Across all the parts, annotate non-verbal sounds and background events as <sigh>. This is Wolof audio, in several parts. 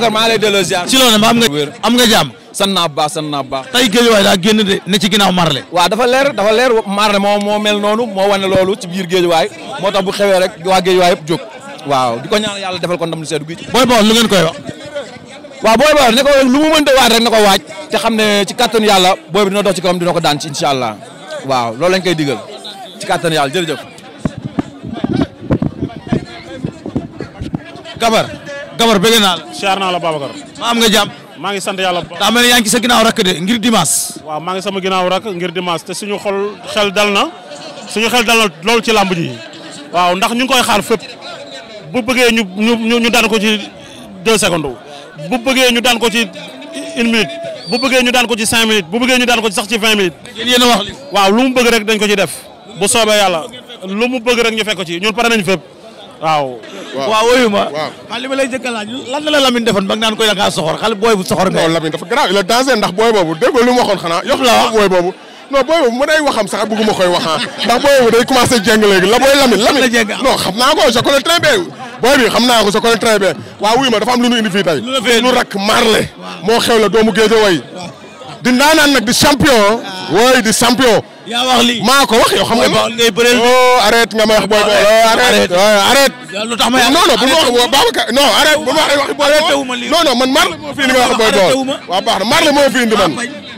waaw maa lay delloo ziar. ci loolu nag am nga am nga jàmm. sant naa bu baax sant naa bu baax. tey géej waay daa génn de ne ci ginnaaw Marley. waaw dafa leer dafa leer Marley moo moo mel noonu moo wane loolu ci biir géej waay moo tax bu xewee rek waa géej waay yëpp jóg. waaw di ko ñaanal yàlla defal ko ndam lu seddu gi. booy bool lu ngeen koy wax. waaw booy bool ne ko lu mu mënta waaj rek na ko waaj. te xam ne ci kattanu yàlla booy bi dina dox ci kawam dina ko daan ci incha allah waaw loolu lañ koy digal ci kattanu yàlla jërëjëf. Kabar. Gabar bëgg naa la. siyaar naa la Babacar. maa am nga jàmm. maa ngi sant yàlla bu baax. daa mel ni yaa ngi sa ginnaaw rakk de ngir dimanche. waaw maa ngi sama ginnaaw rakk ngir dimanche te suñu xol xel dal na ci làmb ji. waaw ndax ñu ngi koy xaar fépp bu bëggee ñu ñu ñu daan ko ci deux secondes bu bëggee ñu daan ko ci une minute bu bëggee ñu daan ko ci cinq minutes bu bëggee ñu daan ko ci sax ci vingt minutes. a wax li waaw lu mu bëgg rek dañ ko ci def. bu soobee yàlla lu mu bëgg rek ñu fekk ci ñun pare nañ fépp waaw. waaw woyu ma. waaw man li ma lay njëkk a lan la la Lamine defoon ba naan ko da ngaa soxor xale booy bu soxor. non Lamine dafa garaaw il a dansé ndax booy boobu dégg lu mu waxoon xanaa. yox la wax booy boobu. non booy boobu mën ay waxam sax bëgguma koy wax ah. <laughs> ndax booy boobu day commencé jéng la booy Lamine. Lamine non xam naa ko je connais booy bi xam naa ko je connais très bien waaw wuy ma dafa am lu ñu indi fii tey. lu rak marle moo xew la doomu géeja way di naanaan nag di champion. Ah. wooy di champion yaa wax lii maa ko wax yow xam nga. booy ngay bëreel oh arrête nga ma wax booy booy. Oh, arrête arrête oh, lu tax ma non non bu ma wax Babacar non arrête bu ma wax waxi booy. non non man Marley moo fi indi nga wax booy booy. waaw baax na Marley moo fi indi man.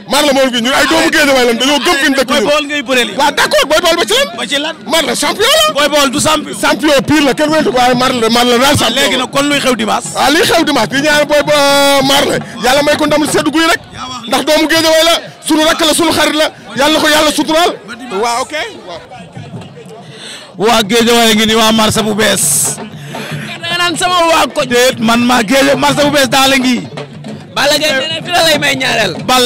Marley Baol gi ñun ay doomu Guédiawaye lan dañoo gëm fi ñu dëkk ñu. Boy Baol ngay bëreel waaw d'accord Boy Baol ba ci lan. ba ci lan Marley champion la. ko sunu rakk sunu xarit la yàlla ko wa suturaal. waaw ok waaw. waa Guédiawaye ngi ni waa marché bu bees. déet Balla Gaye nee na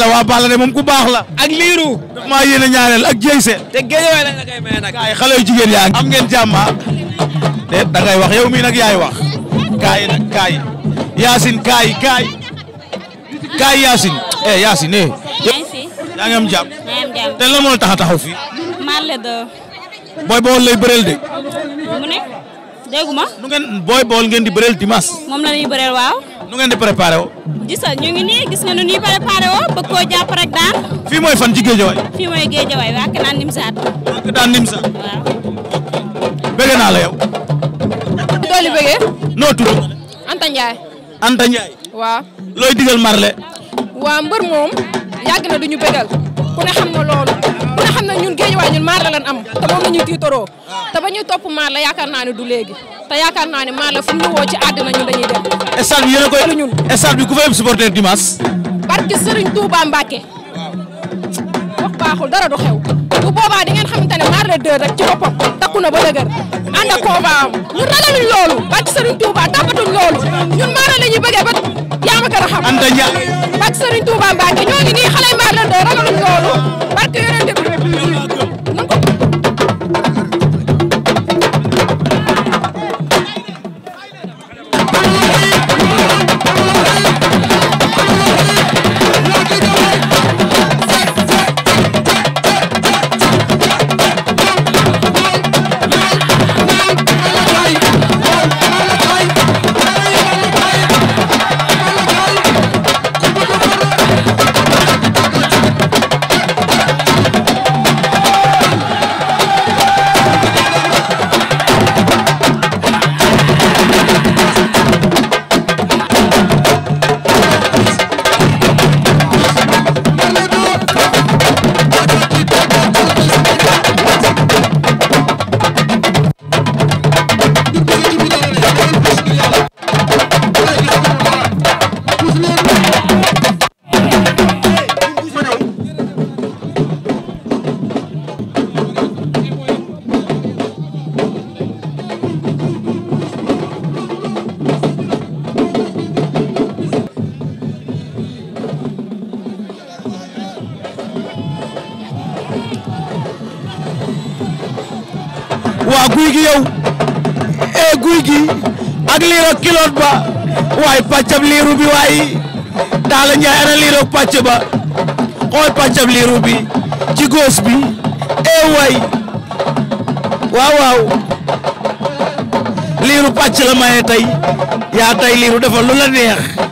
waa Balla de moom ku baax la. ak liiru. daf maa yéene ñaareel ak Jeyse. te géejewaay lañ la jigéen yaa ngi. ngeen jàmm ah. déet da wax yow mi nag yaay wax. kaay nag kaay. Yacine kaay kaay. kaay Yacine. eh Yacine eh. yaa ngi fi. yaa ngi am jàmm. yaa ngi tax a taxaw fii. maa la doo. booy bool lay bëreel de. mu ma. bool ngeen di bëreel dimanche. moom la ñuy bëreel waaw. nu ngeen di préparé woo. gisal ñu ngi nii gis nga nu préparé woo bëgg koo rek daan. fii mooy fan ci géejawaay. fii mooy géejawaay waa Kanaan Nimsaat. waa Kanaan Nimsaat. waaw. bëgg waa mbër moom yàgg na du ñu bëggal ku ne xam na loolu ku ne xam na ñun géejawaay ñun Marley lan am te moom la ñuy tiitoroo ah. ba ñuy topp Marley yaakaar naa ne du léegi. te yaakaar naa ni maa la fu ñu woo ci àddina ñun dañuy dem. stade bi yéen a koy stade bi ku fa yëpp supporter dimanche. barke Serigne Touba Mbacke. wax baaxul dara du xew. bu boobaa di ngeen xamante ne maar la deux rek ci boppam takku ba dëgër ànd ak koobaam ñun ragaluñ loolu barke Serigne Touba tàppatuñ loolu ñun maar la ñuy bëggee ba yaa ma gën a xam. Anta Ndiaye. barke Serigne ñoo nii xale maar la deux ragaluñ loolu barke yonente bi. yow e guy gi ak liiroog kiloot ba waaye pàccab liiru bi waaye daala njaay ana liiroog pàcc ba xool pàccab liiru bi ci góos bi e waay waaw waaw liiru pàcc la maye tey yaa tey liiru defal lu la neex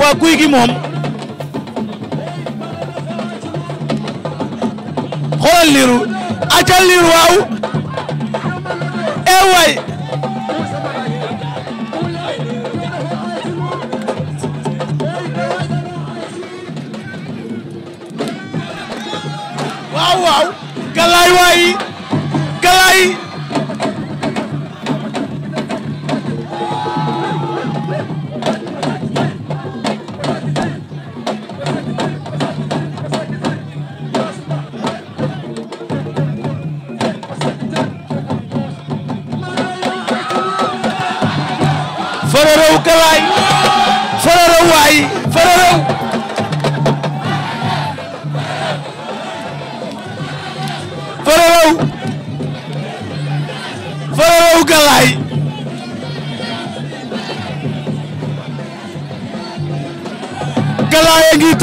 waa guy gi moom xoolal liiru acal liiru waaw waay galaay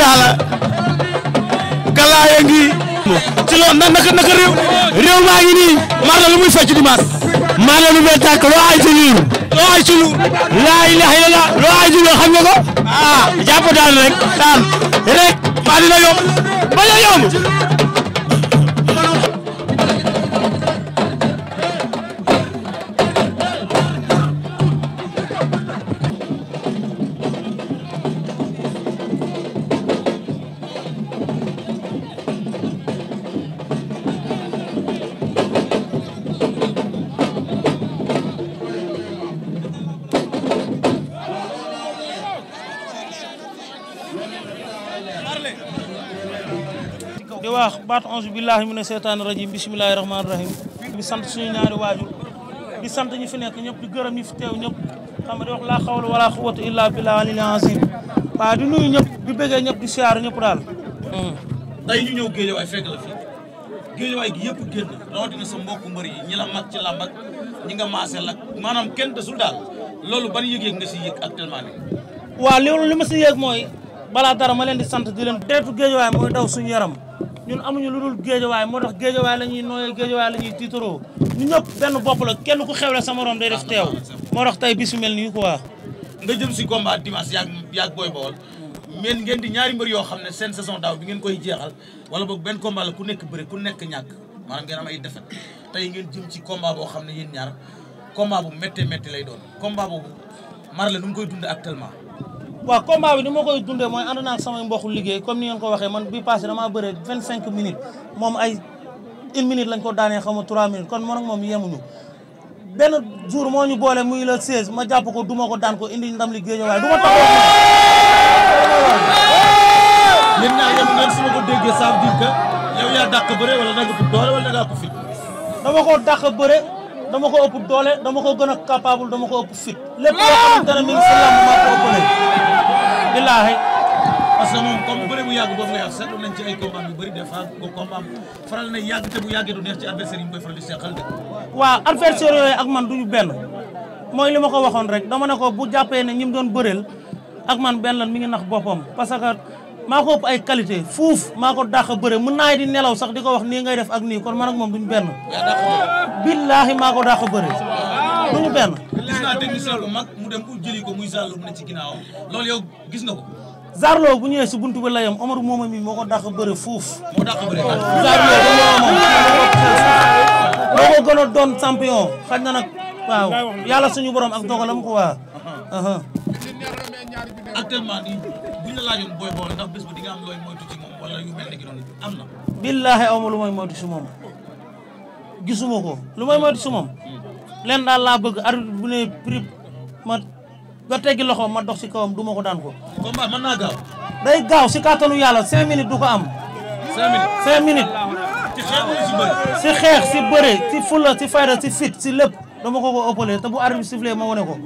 taala galaaya ngi ci loolu na naka naka réew réew maa ngi nii mar la muy fecc dimanche mar la lu mel loo ay ci luur loo ay ci luur laa ilaha loo ay ci luur xam nga ko ah daal rek daal rek maa dina yomb ba la yomb baatu ange billahi mina seytaani rajim bisimilahi rahmaani rahim di sant suñu ñaari waajur di sant ñi fi nekk ñëpp di gërëm ñi fi teew ñëpp xam nga di wax laa xawla wala quwwata illa billah alil azim waaw di nuyu ñëpp di bëggee ñëpp di siyaar ñëpp daal hmm. tey ñu ñëw géejawaay fekk la fii géejawaay gi yëpp génn rawatina sa mbokku loolu ban si yëg actuellement nii waaw loolu li ma si yëg mooy balaa dara ma leen di sant di leen deretu géejawaay mooy daw suñu yaram ñun amuñu lu dul géejawaay moo tax géejawaay la ñuy nooyee géejawaay la ñuy tiitaroo ñu ñëpp benn bopp la kenn ku xew xewle sama morom day def teew moo tax tey bisu mel ko quoi. nga jëm si combat dimanche yaag yaag Boy Baol ngeen ngeen di ñaari mbër yoo xam ne seen saison daaw bi ngeen koy jeexal wala boog benn combat la ku nekk bëri ku nekk ñàkk maanaam ngeen am defet tey ngeen jëm ci combat boo xam ne yéen ñaar combat bu méttee métti lay doon combat boobu Marley nu ngi koy dund actuellement. waaw combat bi ni ma koy dundee mooy ànd naa ak samay mbokku liggéey comme ni ngeen ko waxee man bi passé damaa bëre vingt cinq minutes moom ay une lañ ko daanee xaw ma trois kon man ak moom yemuñu benn jour moo ñu boole muy le 16 ma jàpp ko duma ko daan ko indi ndam li géej waaye du ma taxaw yéen ñaa yem ngeen su ko déggee ça veut dire que yow dàq bëre wala da nga ëpp doole wala da nga ëpp fit dama ko dàq bëre dama ko ëpp doole dama ko gën a capable dama ko ëpp fit lépp loo xamante ne mi ngi si billaahi parce que moom comme bëre bu yàgg boobu lay wax seetlu nañ ci ay combat yu bëri des fois ko combat faral na yàgg te bu yàggee du neex ci adversaire yi mu koy faral di seqal de. waaw adversaire yooyu ak man duñu benn mooy li ma ko waxoon rek dama ne ko bu jàppee ne ñi mu doon bëreel ak man benn lan mi ngi nax boppam parce que maa ko ëpp ay qualité fuuf maa ko dàq bëre mën naa di nelaw sax di ko wax nii ngay def ak nii kon man ak moom duñu benn. billaahi maa ko dàq bëre. mu naa technicien bu mag mu dem ku jëli ko muy Zarlo mu ne ci ginnaaw loolu yow gis nga ko. Zarlo bu ñëwee si bunt ba layam Omar Mooma mi moo ko dàq bëre fuuf. moo dàq bëre Zarlo ba moom a doon champion xaj na nag waaw yàlla suñu borom ak dogalam ko waa. actuellement billaahi aw lu may moytu si moom gisuma ko lu may moytu si moom. Hmm. leen daal laa bëgg arbitre bu ne prix ma ba teggi loxo ma dox si kawam du ma ko daan ko. combat mën gaaw. day gaaw si kàttanu yàlla cinq minutes du ko am. cinq minutes cinq minutes. ci si xeex si bëre si fula si fayda si fit si lépp dama ko ko ëppalee te bu arbitre sifflé ma wane ko.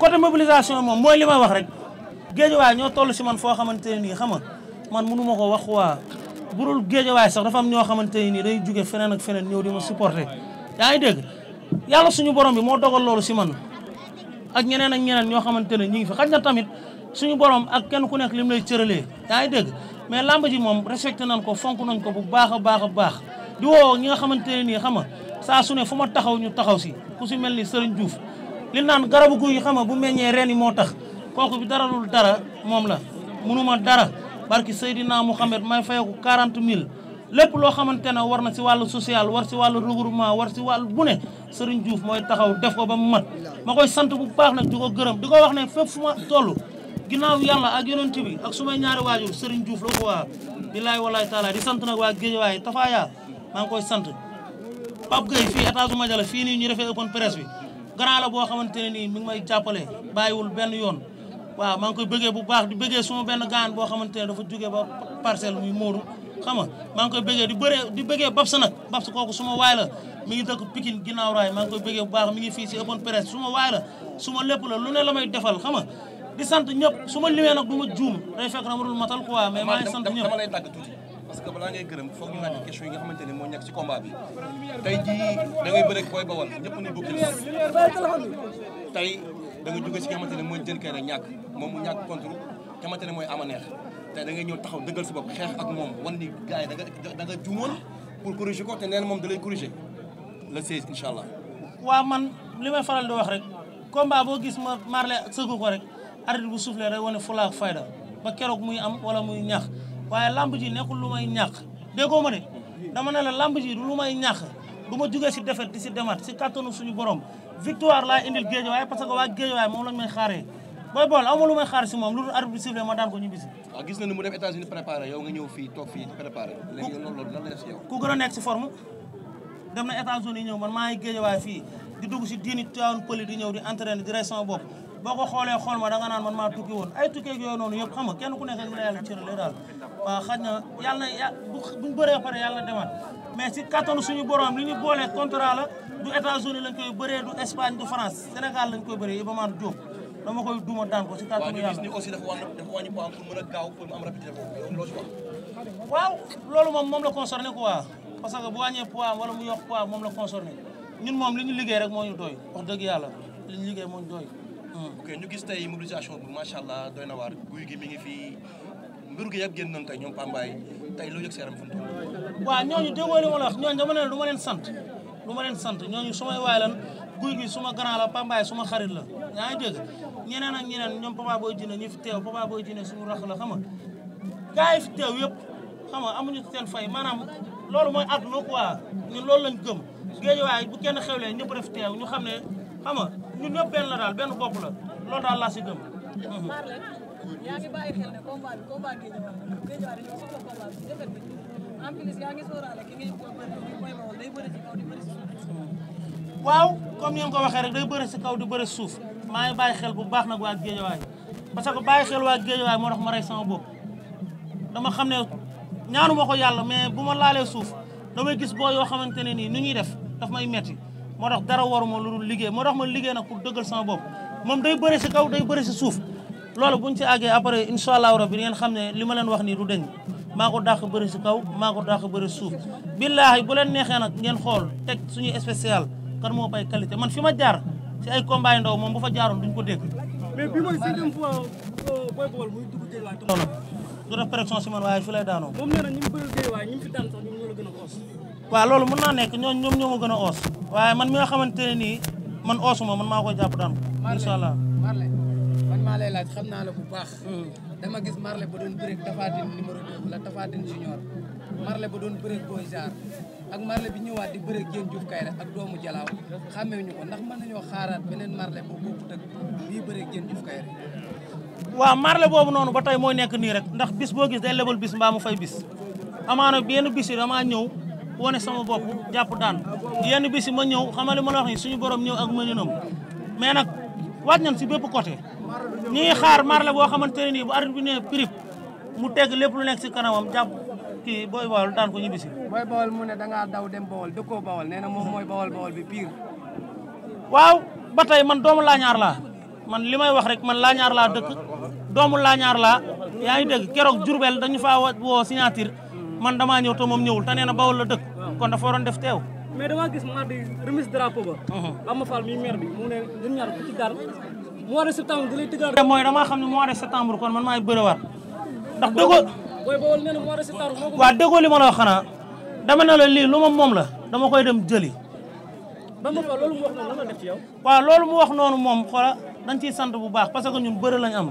côté mobilisation foo moom mooy li ma wax rek. géej waay ñoo toll si man foo xamante ne nii xam nga man mënu ma ko wax waa. bu dul géejawaay sax dafa am ñoo xamante ni day jóge feneen ak feneen ñëw di ma supporter yaa ngi dégg yàlla suñu borom bi moo dogal loolu si man ak ñeneen ak ñeneen ñoo xamante ne ñu ngi fi xaj na tamit suñu borom ak kenn ku nekk lim lay cëralee yaa ngi dégg mais làmb ji moom respecté nañ ko fonk nañ ko bu baax a baax a baax di woo ñi nga xamante ne nii xam nga saa su ne fu ma taxaw ñu taxaw si ku si mel ni Serigne Diouf li naan garabu guy xam nga bu meññee reen yi moo tax kooku bi dara dul dara moom la mënuma dara barki Seydina Mouhamed may fayeku 40 mille lépp loo xamante ne war na si wàllu social war si wàllu regroupement war si wàllu bu ne Serigne Diouf mooy taxaw def ko ba mu mat ma koy sant bu baax nag di ko gërëm di ko wax ne fépp fu ma toll ginnaaw yàlla ak yonent bi ak su ñaari waajur Serigne Diouf la waa bilaay walaay taala di sant nag waa Guédiawaye Tafaya maa ngi koy sant Pape Gueye fii étage bu Madiala fii ni ñu defee open presse bi grand la boo xamante ne nii mi ngi may jàppale bàyyiwul benn yoon waaw maa ko koy bëggee bu baax di bëggee suma benn gaan boo xamante ne dafa jógee ba parcelle muy Modou xam nga maa ngi koy bëggee di bëree di bëggee Babs nag Babs kooku suma waay la mi ngi dëkk Pikine ginnaaw raay maa ngi bëggee bu baax mi ngi fii si ëppoon presse suma waay la suma lépp la lu ne la may defal xam di sant ñëpp su ma limee nag du ma juum day fekk dama dul matal quoi mais maa ngi sant ñëpp dama jii da ngay bëre ak Boy ñëpp ni bokk tey da nga jóge si ki nga xamante ne mooy jën kay rek ñàkk moom mu ñàkk contre ki xamante ne mooy ama te da ngay taxaw dëggal sa bopp xeex ak moom wan ni gars yi da nga da nga juumoon pour corriger ko te nee moom da lay corriger le 16 incha allah. waaw man li may faral di wax rek combat boo gis ma Marley sëggu ko rek arbitre bu soufflé rek wane fula ak fayda ba keroog muy am wala muy ñàkk waaye lamb ji nekkul lu may ñàkk déggoo ma dama ne la lamb ji du lu may ñàkk. du ma jugee si défaite di si demaat si kattanu suñu borom victoire laa indil géejawaay parce que waa géejawaay moom lañ may xaaree booy bool aw ma lu may xaar si moom lu ma daan mu dem États-Unis préparé yow nga ñëw fii toog fii préparé loolu la def si yow ku gën a nekk si forme dem na États-Unis ñëw man maa ngi géejawaay fii di dugg si diini tuwaan pëli di ñëw di entraîné di rey boo ko xoolee xool ma da nga naan man maa tukki woon ay tukkeeg yooyu noonu yëpp xam kenn ku nekk ak la yàlla cëralee daal waaw xaj na yàlla bëree pare yàlla demaat mais si kattanu suñu borom li ñu boolee contrat la du États-Unis lañ koy bëree du Espagne du France Sénégal lañ koy bëree Iba Mar Diop dama koy duma daan ko si kattanu yàlla. waaw loolu moom moom la concerné quoi parce que bu wàññee poids wala mu yokk poids moom la concerné ñun moom li ñu liggéey rek moo ñu doy wax dëgg yàlla li ñu liggéey moo ñu doy Mm-hmm. ok ñu gis tey mobilisation bi macha allah doy na waar guy gi mi ngi fii mbir gi yëpp génn nañ tey ñooñu déggoo la wax ñooñu dama leen du ma leen sant du ma leen sant ñooñu sumay waay lan guy gi suma grand la la yaa ngi dégg ñeneen ak rax la xam nga gars yi fi amuñu seen fay maanaam loolu mooy àdduna quoi ñun loolu lañ gëm géej waay bu kenn xewlee ñëpp def teew ñu xam ne xam ñun ñëpp benn daal benn bopp la loolu daal laa si gëm. yaa ngi day bëri ci kaw di bëri suuf. waaw comme ni nga waxee rek day bëri ci kaw di bëri suuf maa ngi bàyyi xel bu baax nag waa géejawaay parce que bàyyi xel waa géejawaay moo tax ma rey sama bopp dama xam ne ñaanu ma ko yàlla mais bu ma laalee suuf damay gis boo yoo xamante ne nii nu ñuy def daf may metti moo tax dara waruma lu dul liggéey moo tax ma liggéey nag pour dëggal sama bopp moom day bëri si kaw day bëri si suuf loolu buñ ci àggee après incha allahu ne li ma leen wax nii du deñ maa ko dàq bëri si kaw maa ko dàq bëri si suuf billaahi bu leen neexee nag ngeen xool teg suñuy spécial kan moo bay qualité man fi ma jaar si ay combat yu moom bu fa jaaroon duñ ko dégg mais bi mooy cinquième fois euh, booy bool muy waaw loolu mën naa nekk ñooñu ñoom ñoo gën a oos waaye man mi nga xamante ne nii man oosuma man maa koy jàpp daan ko incha allah Marley man laaj xam naa la bu baax hmm. dama gis Marley ba doon bëreeg Tafatine numéro 2 la Tafatine junior Marley ba doon bëreeg Boy ak Marley bi ñëwaat di bëreeg Diène Diouf Kayre ak doomu Jalaaw xàmmee ñu ko ndax mën nañoo xaaraat beneen Marley bu bokkut ak bii bëreeg Diène Diouf Kayre waaw Marley boobu noonu ba mooy nekk nii rek ndax bis boo gis day lebal bis mbaa fay bis amaana yenn bis yi damaa ñëw wane sama bopp jàpp daan yenn bis yi ma ñëw xamali ma la wax ni suñu borom ñëw ak mëninam mais nag waaj si bépp côté ñi ngi xaar marle boo xamante ne nii bu arbitre bi ne prip mu teg lépp lu nekk si kanamam jàpp kii booy bawol daan ko ñu bisi booy bawol mu ne dangaa daw dem bawol dëkkoo bawol nee na moom mooy bawol bawol bi pire waaw ba tey man doomu laañaar laa man li may wax rek man laañaar laa dëkk doomu laañaar laa yaa ngi dégg keroog Jurbel dañu faa woo signature man damaa ñëw te moom ñëwul te nee na bawol la dëkk kon dafa waroon def teew mais damaa gis mardi remise drapeau ba Bamba uh-huh. Fall mi maire bi mu ne ñun ñaar ku ci dara mois de septembre di lay tëggaat mooy damaa xam ne mois de septembre kon man maay bëriwaat ndax dëggoo booy bawol ma la wax xanaa dama ne la lii lu ma moom la dama koy dem jëli Bamba Fall loolu mu wax noonu lan la def ci moom xoola dañ ciy sant bu baax parce que ñun bëri lañ am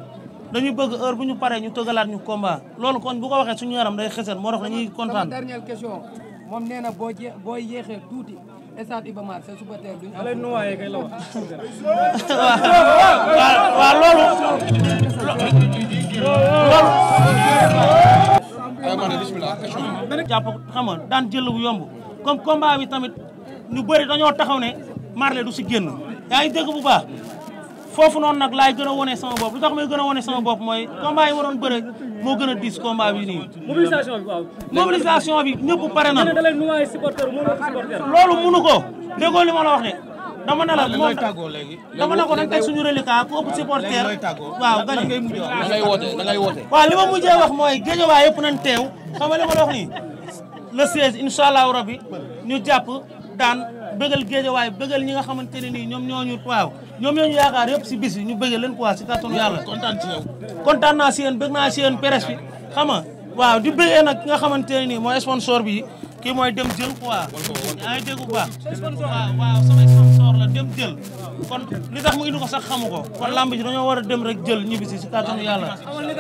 dañuy bëgg heure bu ñu paree ñu tëggalaat ñu combat loolu kon bu ko waxee suñu yaram day xeseen moo tax dañuy kontaan. dernière question moom nee na boo je boo yéexee tuuti stade Iba Mar sa suba teel duñ. alay nu waaye la wax. <laughs> waaw waaw loolu. loolu. jàpp xam nga daan jël yomb comme combat bi tamit ñu bëri dañoo taxaw ne Marley du si génn yaa ngi dégg bu baax. foofu noonu nag laay gën a wone sama bopp lu tax may gën a wone sama bopp mooy combat yi ma doon bëre moo gën a diis combat bi nii. mobilisation bi ñëpp pare na. loolu munu ko li ma la wax ne. dama ne la moom dama ne ko dañ teg suñu reliquat ku ëpp waaw gani da da ngay woote. waaw li ma mujjee wax mooy géejawaay yëpp nañ teew xam nga li ma la wax nii le 16 incha allahu rabi ñu jàpp daan. bëggal géejawaay bëggal ñi nga xamante ne nii ñoom ñooñu waaw ñoom ñooñu yaakaar yëpp si bis ñu bëggal leen si kàttanu yàlla kontaan si yéen bëgg naa si yéen presse bi xam nga waaw di bëggee nag nga xamante ne nii mooy sponsor bi kii mooy dem jël quoi ay dégg bu baax waaw waaw sama la dem jël kon li mu indi ko sax xamu ko kon lamb ji dañoo war a dem rek jël ñibbi si si yàlla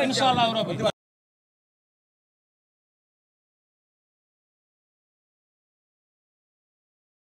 incha allahu rabbi